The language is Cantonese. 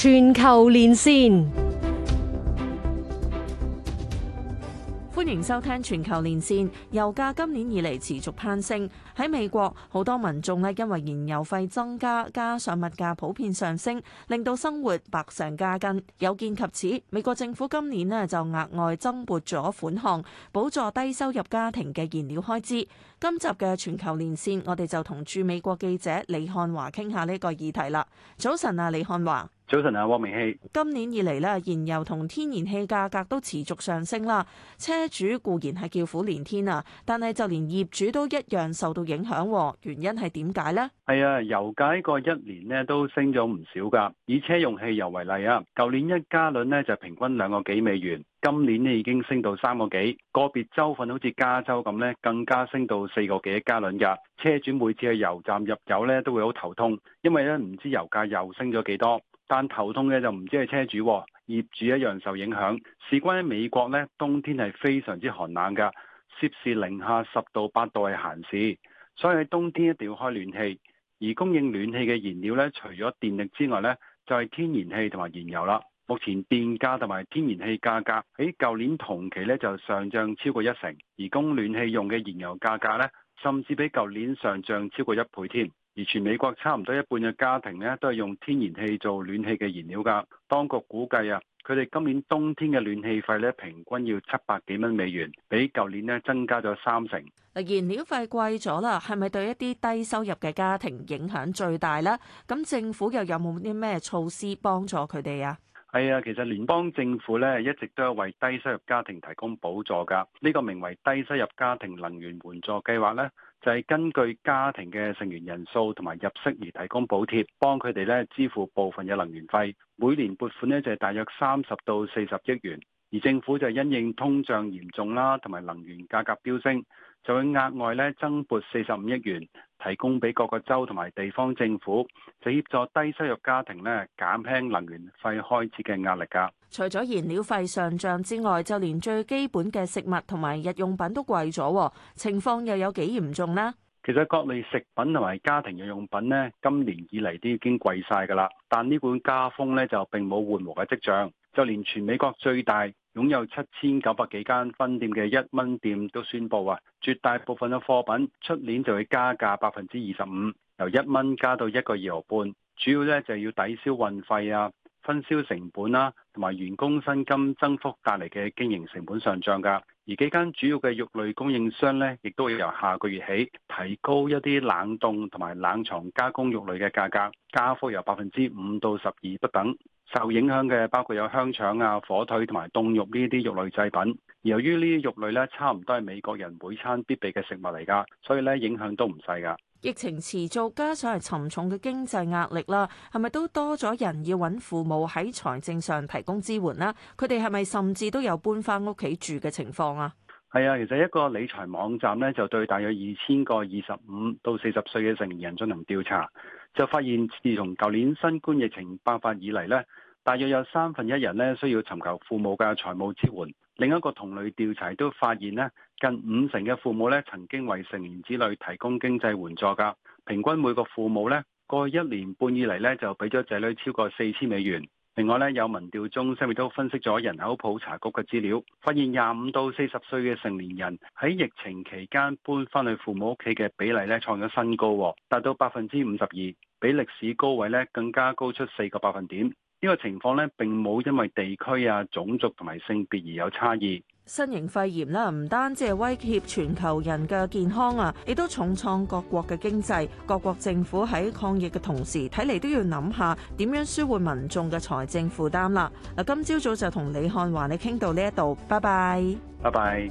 全球連線，歡迎收聽全球連線。油價今年以嚟持續攀升，喺美國好多民眾咧，因為燃油費增加，加上物價普遍上升，令到生活百上加斤。有見及此，美國政府今年咧就額外增撥咗款項，補助低收入家庭嘅燃料開支。今集嘅全球連線，我哋就同駐美國記者李漢華傾下呢個議題啦。早晨啊，李漢華。早晨啊，汪溟曦。今年以嚟咧，燃油同天然氣價格都持續上升啦。車主固然係叫苦連天啊，但係就連業主都一樣受到影響。原因係點解呢？係啊，油價個一年咧都升咗唔少噶。以車用汽油為例啊，舊年一加侖呢就平均兩個幾美元，今年咧已經升到三個幾。個別州份好似加州咁呢，更加升到四個幾加崙噶。車主每次去油站入油呢都會好頭痛，因為呢唔知油價又升咗幾多。但頭痛嘅就唔止係車主，啊，業主一樣受影響。事關喺美國呢冬天係非常之寒冷㗎，攝氏零下十度八度係閒事，所以喺冬天一定要開暖氣。而供應暖氣嘅燃料呢，除咗電力之外呢，就係、是、天然氣同埋燃油啦。目前電價同埋天然氣價格喺舊年同期呢就上漲超過一成，而供暖氣用嘅燃油價格呢，甚至比舊年上漲超過一倍添。而全美國差唔多一半嘅家庭呢，都係用天然氣做暖氣嘅燃料㗎。當局估計啊，佢哋今年冬天嘅暖氣費咧，平均要七百幾蚊美元，比舊年呢增加咗三成。燃料費貴咗啦，係咪對一啲低收入嘅家庭影響最大呢？咁政府又有冇啲咩措施幫助佢哋啊？係啊，其實聯邦政府咧一直都係為低收入家庭提供補助噶。呢個名為低收入家庭能源援助計劃咧，就係、是、根據家庭嘅成員人數同埋入息而提供補貼，幫佢哋咧支付部分嘅能源費。每年撥款呢，就係大約三十到四十億元。而政府就因應通脹嚴重啦，同埋能源價格飆升，就會額外咧增撥四十五億元，提供俾各個州同埋地方政府，就協助低收入家庭咧減輕能源費開支嘅壓力㗎。除咗燃料費上漲之外，就連最基本嘅食物同埋日用品都貴咗，情況又有幾嚴重呢？其實各類食品同埋家庭日用品呢，今年以嚟都已經貴晒㗎啦。但呢本加風呢，就並冇緩和嘅跡象，就連全美國最大擁有七千九百幾間分店嘅一蚊店都宣布啊，絕大部分嘅貨品出年就會加價百分之二十五，由一蚊加到一個二毫半，主要咧就要抵消運費啊、分銷成本啦同埋員工薪金增幅帶嚟嘅經營成本上漲㗎。而幾間主要嘅肉類供應商呢，亦都要由下個月起提高一啲冷凍同埋冷藏加工肉類嘅價格，加幅由百分之五到十二不等。受影響嘅包括有香腸啊、火腿同埋凍肉呢啲肉類製品。由於呢啲肉類呢，差唔多係美國人每餐必備嘅食物嚟㗎，所以呢影響都唔細㗎。疫情持續加上係沉重嘅經濟壓力啦，係咪都多咗人要揾父母喺財政上提供支援呢？佢哋係咪甚至都有搬翻屋企住嘅情況啊？係啊，其實一個理財網站呢，就對大約二千個二十五到四十歲嘅成年人進行調查，就發現自從舊年新冠疫情爆發以嚟呢，大約有三分一人呢，需要尋求父母嘅財務支援。另一個同類調查都發現咧，近五成嘅父母咧，曾經為成年子女提供經濟援助噶。平均每個父母咧，過去一年半以嚟咧，就俾咗仔女超過四千美元。另外咧，有民調中心亦都分析咗人口普查局嘅資料，發現廿五到四十歲嘅成年人喺疫情期間搬返去父母屋企嘅比例咧，創咗新高，達到百分之五十二，比歷史高位咧，更加高出四個百分點。呢個情況呢，並冇因為地區啊、種族同埋性別而有差異。新型肺炎啦，唔單止係威脅全球人嘅健康啊，亦都重創各國嘅經濟。各國政府喺抗疫嘅同時，睇嚟都要諗下點樣舒緩民眾嘅財政負擔啦。嗱，今朝早就同李漢華你傾到呢一度，拜拜，拜拜。